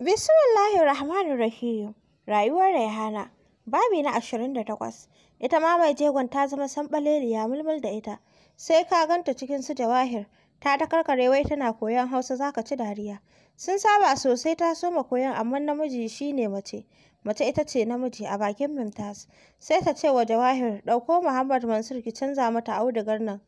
Bismillahir Rahmanir Rahim. Rayuwar Raihana. Babi na 28. Ita ma mai jegon ta zama sanɓaleliya mulmul da ita. Sai ka ganta cikin su jawahir. Ta ta karkare wai tana koyon Hausa zaka ci dariya. Sun saba sosai ta soma koyon amma namiji shine mace. Mace ita ce namiji a bakin Mumtaz. Sai ta ce wa Jawahir ɗauko Muhammad Mansur ki canza mata audugar nan.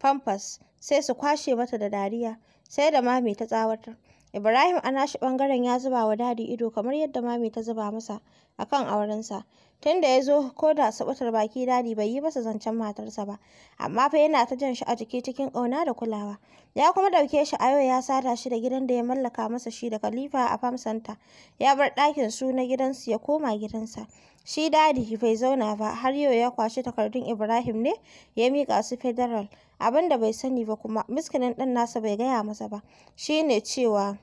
Famfas sai su kwashe mata da dariya. Sai da mami ta tsawatar. Ibrahim a nashi ɓangaren ya zuba wa dadi ido kamar yadda mami ta zuba masa a kan aurensa. Tun da ya zo ko da sabatar baki dadi bai yi masa zancen matarsa ba, amma fa yana ta jan shi a jiki cikin ƙauna da kulawa. Ya kuma ɗauke shi a yau ya sada shi da gidan da ya mallaka masa shi da Khalifa a Farm Center. Ya bar ɗakin su na gidansu ya koma gidansa. Shi dadi bai zauna ba har yau ya kwashi takardun Ibrahim ne ya miƙa su Federal. Abin da bai sani ba kuma miskinin ɗan nasa bai gaya masa ba. shine cewa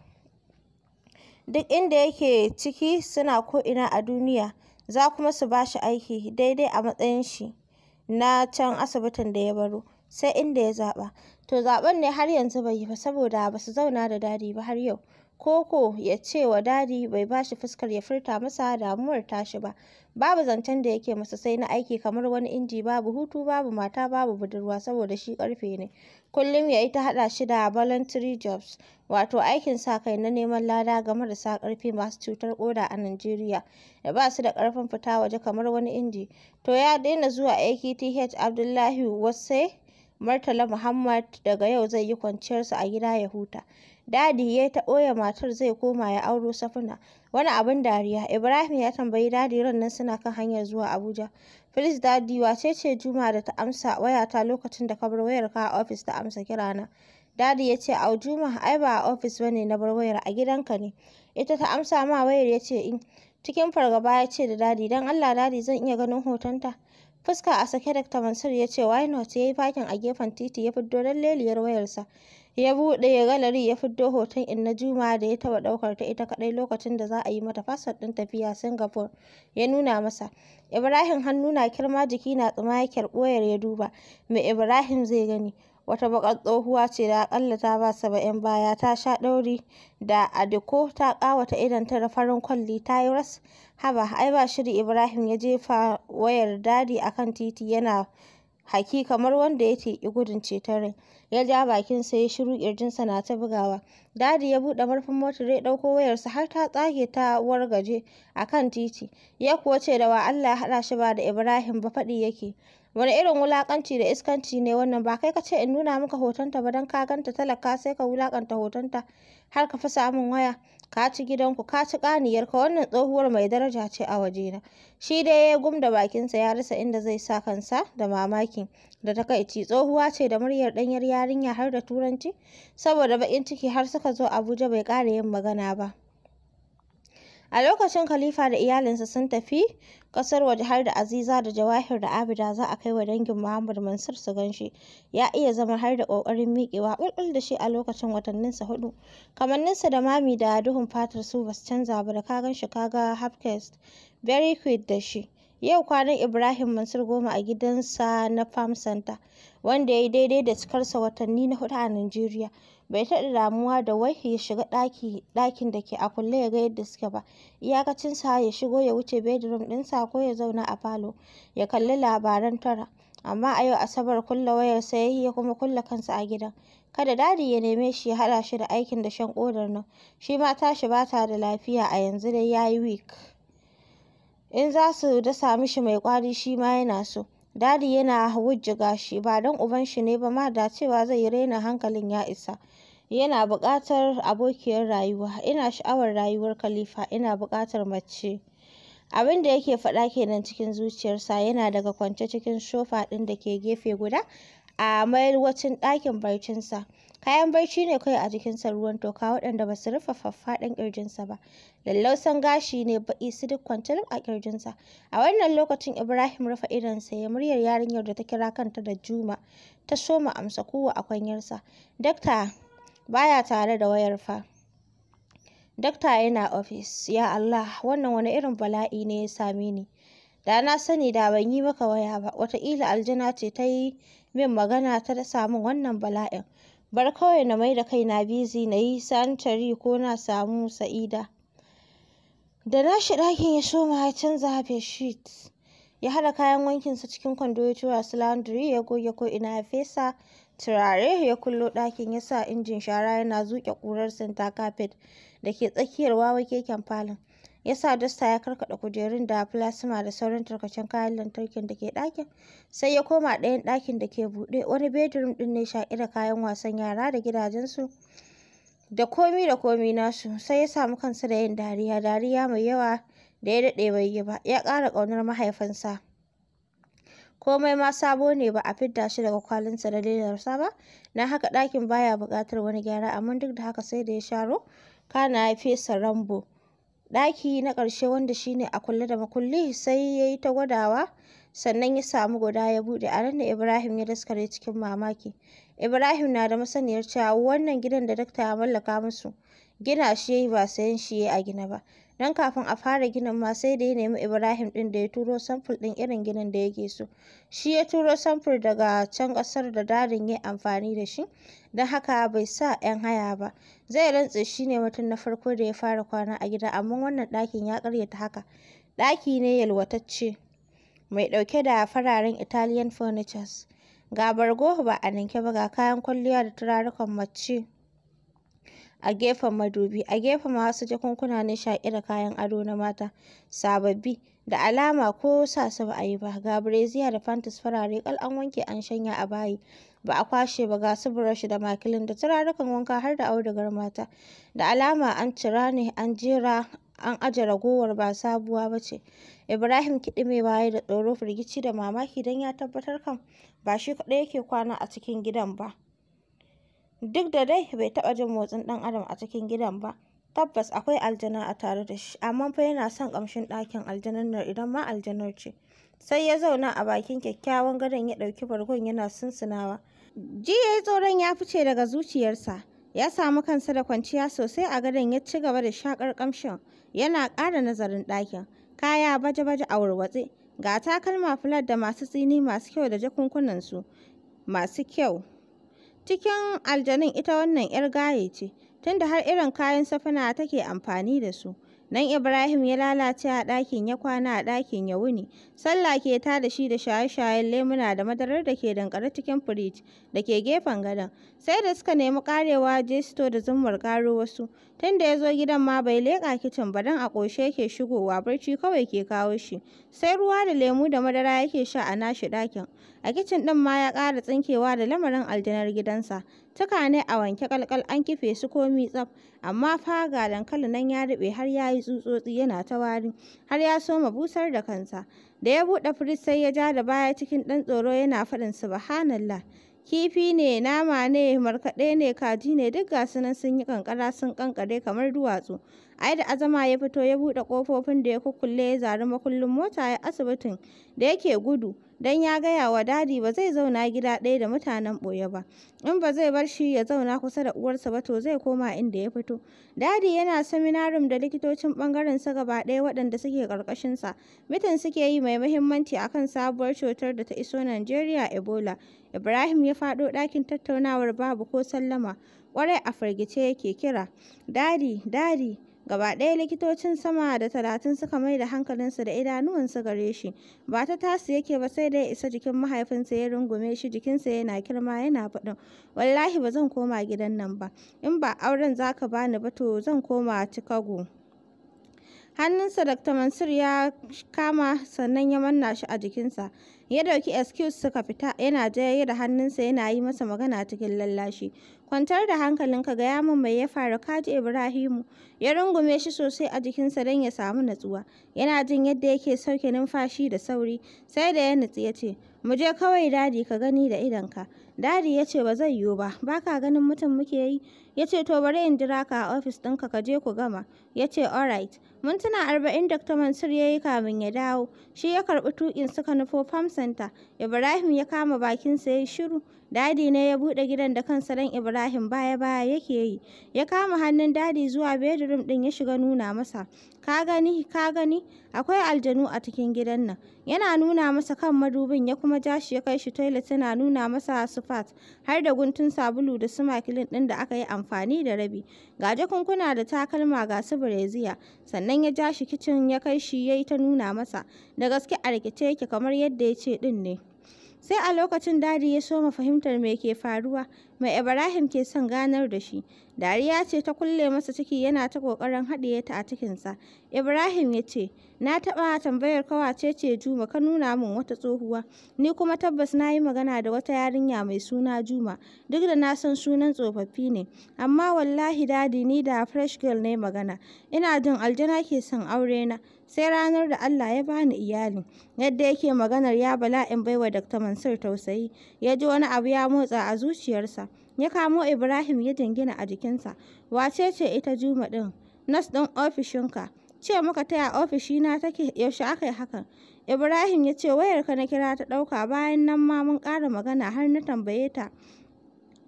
duk inda yake ciki suna ko'ina a duniya za kuma su ba shi aiki daidai a matsayin shi na can asibitin da ya baro sai inda ya zaɓa. To zaɓen ne har yanzu bai yi ba saboda ba su zauna da dadi ba har yau. Koko ya ce wa Dadi bai ba shi fuskar ya furta masa damuwar tashi ba. Babu zancen da yake masa sai na aiki kamar wani inji babu hutu babu mata babu budurwa saboda shi karfe ne. Kullum ya yi ta haɗa shi da voluntary jobs wato aikin sa kai na neman lada ga marasa karfi masu cutar koda a Najeriya da ba su da karfin fita waje kamar wani inji. To ya daina zuwa aiki TH Abdullahi wasai Murtala Muhammad daga yau zai yi kwanciyarsa a gida ya huta. Dadi ya ta ɓoye matar zai koma ya auro Safina. Wani abin dariya, Ibrahim ya tambayi Dadi rannan suna kan hanyar zuwa Abuja. Please Dadi wace ce Juma da ta amsa wayata lokacin da ka bar wayarka a ofis ta amsa kira na Dadi ya ce, Au Juma, ai ba a ofis bane na bar wayar a gidanka ne. Ita ta amsa ma wayar ya ce, In. Cikin fargaba ya ce da Dadi, don Allah Dadi zan iya ganin hotonta. Fuska a sake Dr. Mansur ya ce, Why not? Ya yi fakin a gefen titi ya fiddo don leliyar wayarsa. ya buɗe galari ya fiddo hoton Inna Juma da ya taɓa ɗaukar ta ita kaɗai lokacin da za a yi mata fasfot ɗin tafiya Singapore ya nuna masa. Ibrahim hannu na kirma jiki na tsuma ya ya duba. mai Ibrahim zai gani? Wata baƙar tsohuwa ce da akalla ta ba saba'in baya ta sha ɗauri da adiko ta ƙawata idan ta da farin kwalli ta yi ras. Haba ai ba shiri Ibrahim ya jefa wayar dadi a kan titi yana haki kamar wanda ya teƙi gudun ceton rai. Ya ja bakin sa ya shiru ƙirjinsa na ta bugawa. Dadi ya buɗe murfin motar ya ɗauko wayarsa har ta tsage ta wargaje a kan titi. Ya kuwa ce da wa Allah ya haɗa shi ba da Ibrahim ba faɗi yake. Wani irin wulaƙanci da iskanci ne wannan ba kai ka ce in nuna maka hotonta ba don ka ganta talaka sai ka wulaƙanta hotonta har ka fi samun waya. ka ci gidanku ka ci ƙaniyarka wannan tsohuwar mai daraja ce a wajena shi dai ya gum da bakinsa ya rasa inda zai sa kansa da mamaki da takaici tsohuwa ce da muryar ɗanyar yarinya har da turanci saboda baƙin ciki har suka zo abuja bai ƙara yin magana ba A lokacin Khalifa da iyalinsa sun tafi kasar waje har da Aziza da Jawahir da Abida za a kai wa dangin Muhammad Mansur su gan Ya iya zama har da ƙoƙarin miƙewa ɓulɓul da shi a lokacin watanninsa hudu. Kamanninsa da mami da duhun fatar su basu canza ba da ka gan shi ka ga Hapkest. Very da shi. Yau kwanan Ibrahim Mansur goma a gidansa na Farm Center, wanda ya yi daidai da cikarsa watanni na hudu a Najeriya. Bai taɗa damuwa da wai ya shiga ɗakin da ke a kulle ya ga yadda suke ba. Iyakacinsa ya shigo ya wuce bedroom ɗinsa ko ya zauna a falo ya kalli labaran tara. Amma a yau Asabar kulle wayarsa ya yi ya kuma kulle kansa a gidan. Kada dadi ya neme shi ya hada shi da aikin da shan kodar nan. Shi ma tashi ba ta da lafiya a yanzu dai ya yi in za su da sami shi mai kwari shi ma yana so. Dadi yana wujjuga shi, ba don uban shi ne ba ma da cewa zai yi raina hankalin ya isa. Yana buƙatar abokiyar rayuwa, ina sha'awar rayuwar Khalifa, ina buƙatar mace. Abin da yake faɗa kenan cikin zuciyarsa yana daga kwance cikin shofa ɗin da ke gefe guda a mayar wacin ɗakin barcinsa. Kayan barci ne kawai a jikinsa ruwan toka waɗanda ba su rufe faffaɗan ƙirjinsa ba. Lallausan gashi ne baƙi su duk kwantar a ƙirjinsa. A wannan lokacin Ibrahim rufe idonsa ya muryar yarinyar da ta kira kanta da Juma ta soma amsa kowa a kwanyarsa. Dakta baya tare da wayar fa. Dakta yana ofis. Ya Allah, wannan wani irin bala'i ne ya same ni. Da na sani da ban yi maka waya ba, wataƙila aljana ce ta yi min magana ta samun min wannan bala'in. bar kawai na mai da kaina bizi na yi santari ko na samu sa'ida da na shi ɗakin ya soma ya canza haɓe sheet ya haɗa kayan wankinsa cikin kwando ya tura su laundry ya goge ko ina ya fesa turare ya kullo ɗakin ya sa injin shara yana zuƙe ƙurar santa carpet da ke tsakiyar wawa keken falon yasa sa dasta ya karkaɗa kujerun da plasma da sauran tarkacen kayan lantarkin da ke ɗakin sai ya koma ɗayan ɗakin da ke buɗe wani bedroom ɗin ne sha'ira kayan wasan yara da gidajensu da komi da komi nasu sai ya samu kansa da yin dariya dariya mai yawa da ya daɗe bai yi ba ya ƙara ƙaunar mahaifinsa komai ma sabo ne ba a fidda shi daga kwalinsa da daidarsa ba na haka ɗakin baya buƙatar wani gyara amma duk da haka sai da ya sharo kana ya fesa rambo ɗaki na ƙarshe wanda shi ne a kulle da makulli sai ya yi ta gwadawa sannan ya samu guda ya buɗe a nan da Ibrahim ya daskare cikin mamaki Ibrahim na da masaniyar cewa wannan gidan da dakta ya mallaka musu gina shi yi ba sayan shi yi a gina ba don kafin a fara ginin ma sai da ya nemi Ibrahim ɗin da ya turo samfur ɗin irin ginin da yake so. Shi ya turo samfur daga can ƙasar da dadin ya amfani da shi, don haka bai sa 'yan haya ba. Zai rantse shi ne mutum na farko da ya fara kwana a gida, amma wannan ɗakin ya ƙaryata haka. Ɗaki ne yalwatacce, mai ɗauke da fararen Italian furnitures. Ga bargo ba a ninke ba, ga kayan kwalliya da turarukan mace. a gefen madubi a gefen ma wasu jakunkuna na shaƙi da kayan ado na mata sababbi da alama ko sa su ba a yi ba ga bireziya da fantas farare ƙal an wanke an shanya a bayi ba a kwashe ba ga su burashi da makilin da turarukan wanka har da audugar mata da alama an cira ne an jera an aje ragowar ba sabuwa ba ce ibrahim mai baya da tsoro firgici da mamaki don ya tabbatar kan ba shi kaɗai yake kwana a cikin gidan ba Duk da dai bai taɓa jin motsin ɗan adam a cikin gidan ba, tabbas akwai aljana a tare da shi, amma fa yana son ƙamshin ɗakin aljanar nan idan ma aljanar ce. Sai ya zauna a bakin kyakkyawan gadon ya ɗauki bargon yana sunsunawa. Ji ya yi tsoron ya fice daga zuciyarsa. Ya samu kansa da kwanciya sosai a gadon ya ci gaba da shakar ƙamshin, yana ƙara nazarin ɗakin. Kaya baje-baje a warwatse, ga takalma fulat da masu tsini masu kyau da jakunkunansu masu kyau. Cikin aljanun ita wannan 'yar gaye ce, tunda har irin kayan safina take amfani da su. Nan Ibrahim ya lalace a ɗakin ya kwana a ɗakin ya wuni. Sallah ke ta da shi da shaye-shayen lemuna da madarar da ke dankare cikin firij da ke gefen gadon. Sai da suka nemi karewa sito da zummar karo wasu. tunda ya zo gidan ma bai leƙa kicin ba don a ƙoshe yake shigowa barci kawai ke kawo shi. Sai ruwa da lemu da madara yake sha a nashi ɗakin. A kicin ɗin ma ya ƙara tsinkewa da lamarin aljanar gidansa. Tuka ne a wanke ƙalƙal an kife su komi tsaf, amma fa ga dankali nan ya ruɓe har ya yi tsutsotsi yana ta wari, har ya soma busar da kansa. Da ya buɗe firis sai ya ja da baya cikin ɗan tsoro yana faɗin subhanallah. kifi ne nama ne markaɗe ne kaji ne duk gasu nan sun yi kankara sun kankare kamar duwatsu ai da azama ya fito ya buɗe ƙofofin da ya kukkulle ya zari makullin mota ya asibitin da yake gudu don ya gaya wa dadi ba zai zauna gida ɗaya da mutanen ɓoye ba in ba zai bar shi ya zauna kusa da uwarsa ba to zai koma inda ya fito dadi yana seminarin da likitocin ɓangaren sa gaba ɗaya waɗanda suke sa mitin suke yi mai muhimmanci akan sabuwar cutar da ta iso najeriya ebola ibrahim ya faɗo ɗakin tattaunawar babu ko sallama kwarai a firgice yake kira dadi dadi gaba ɗaya likitocin sama da talatin suka mai da hankalinsu da idanuwansu gare shi ba ta tasi yake ba sai da ya isa jikin mahaifinsa ya rungume shi jikinsa yana kirma yana faɗin wallahi ba zan koma gidan nan ba in ba auren zaka bani ba to zan koma chicago hannunsa dr mansur ya kama sannan ya manna shi a jikinsa Ya dauki excuse suka fita yana jayayya da hannunsa yana yi masa magana cikin lallashi. Kwantar da hankalin ka gaya min mai ya faru kaji Ibrahimu. Ya rungume shi sosai a jikinsa don ya samu natsuwa. Yana jin yadda yake sauke numfashi da sauri. Sai da ya nutsi ya ce, mu je kawai dadi ka gani da idonka. Dadi ya ce ba zai yiwu ba, baka ganin mutum muke yi. Ya ce to bari in jira ka a ofis ɗinka ka je ku gama. Ya ce alright. Mintuna arba'in Dr. Mansur ya yi kamin ya dawo. Shi ya karɓi tuƙin suka nufo farm santa Ibrahim ya kama bakinsa ya yi shiru Dadi ne ya bude gidan da kansa don Ibrahim baya-baya yake yi. Ya kama hannun dadi zuwa bedroom din ya shiga nuna masa. Ka gani, ka gani, akwai aljanu a cikin gidan nan. Yana nuna masa kan madubin ya kuma jashi ya kai shi toilet tana nuna masa sufat har da guntun sabulu da sumakilin din da aka yi amfani da rabi. Ga jakunkuna da takalma ga su bireziya. Sannan ya jashi shi kicin ya kai shi yayi ta nuna masa. Da gaske a rikice yake kamar yadda ya ce din ne. Sai a lokacin dadi ya soma fahimtar me ke faruwa, mai Ibrahim ke son ganar da shi. Dariya ce ta kulle masa ciki yana ta ƙoƙarin haɗiye ta a cikinsa. Ibrahim ya ce, Na taɓa tambayar ce ce Juma ka nuna min wata tsohuwa, ni kuma tabbas na yi magana da wata yarinya mai suna Juma, duk da na san sunan tsofaffi ne. Amma wallahi dadi ni da fresh girl ne magana, ina jin aljana ke son aure na. sai ranar da Allah ya bani iyali. Yadda yake maganar ya bala bala'in baiwa Dr. Mansur tausayi, ya ji wani abu ya motsa a zuciyarsa. Ya kamo Ibrahim ya jingina a jikinsa. Wace ce ita Juma ɗin? Nas ɗin ofishinka. Ce muka taya ofishina take yaushe aka yi hakan. Ibrahim ya ce wayarka na kira ta ɗauka bayan nan ma mun ƙara magana har na tambaye ta.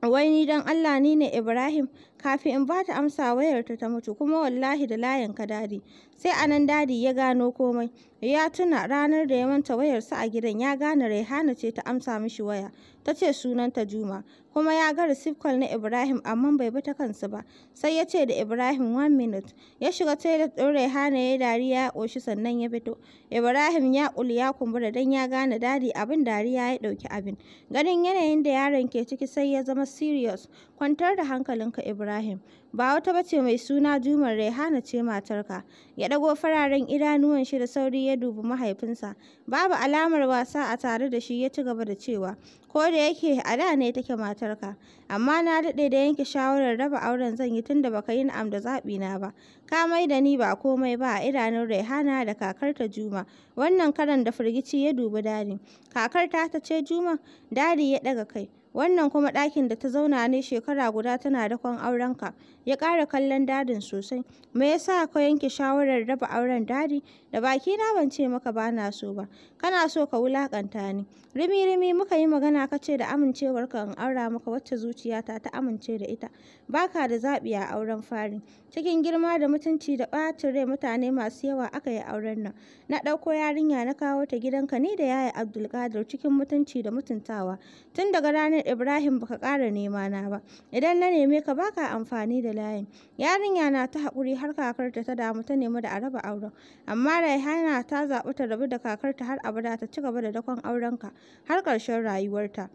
Wai ni don Allah ni ne Ibrahim? Kafin in ba ta amsa wayarta ta mutu kuma wallahi da ka dadi. Sai anan nan dadi ya gano komai. Ya tuna ranar da ya manta wayar wayarsa a gidan ya gane Rehana ce ta amsa mishi waya. ta ce sunanta Juma, kuma ya ga receipt na Ibrahim amma bai bi ta kansu ba, sai ya ce da Ibrahim one minute, ya shiga toilet ɗin hana ya dariya ya ƙoshi sannan ya fito. Ibrahim ya ƙuli ya kumbura don ya gane dadi abin dariya ya ɗauki abin. Ganin yanayin da yaron ke ciki sai ya zama serious, kwantar da hankalinka Ibrahim. Ba wata bace mai suna juma Rehana ce matarka. Ya ɗago fararen idanuwan shi da sauri ya dubi mahaifinsa. Babu alamar wasa a tare da shi ya ci gaba da cewa, ko da yake a da ne take matarka, amma na daɗe da yanke shawarar raba auren zan yi tunda baka yi na'am da na ba. Ka mai da ni ba komai ba a idanun Raihana da kakarta Juma. Wannan karan da firgici ya dubi Dadi. kakar ta ce Juma, Dadi ya ɗaga kai. Wannan kuma ɗakin da ta zauna ne shekara guda tana dakon aurenka. Ya ƙara kallon dadin sosai. Me yasa ka yanke shawarar raba auren dadi? Da baki na ban ce maka ba na so ba. Kana so ka wulakanta ni. Rimi rimi muka yi magana ka ce da ka in aura maka wacce zuciyata ta amince da ita. Baka da zaɓi a auren fari. Cikin girma da mutunci da ɓacin rai mutane masu yawa aka yi auren nan. Na ɗauko yarinya na kawo ta gidanka ni da yaya Abdulkadir cikin mutunci da mutuntawa. Tun daga ranar maganar Ibrahim baka ƙara nema na ba idan na neme ka baka amfani da layin yarinya na ta haƙuri har kakarta ta damu ta nemi da a raba auren amma Raihana ta zaɓi ta rabu da kakarta har abada ta ci gaba da dakon aurenka har ƙarshen rayuwarta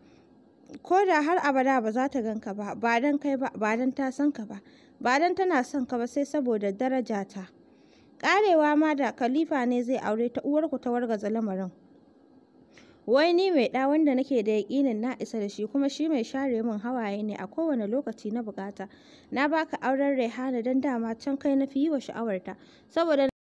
ko da har abada ba za ta ganka ba ba dan kai ba ba dan ta san ka ba ba dan tana son ka ba sai saboda daraja ta karewa ma da khalifa ne zai aure ta uwarku ta wargaza lamarin Wai ni mai ɗa wanda nake da yaƙinin na isa da shi kuma shi mai share min hawaye ne a kowane lokaci na buƙata. Na baka auren Raihana don dama can kai na fi yi wa sha'awarta. Saboda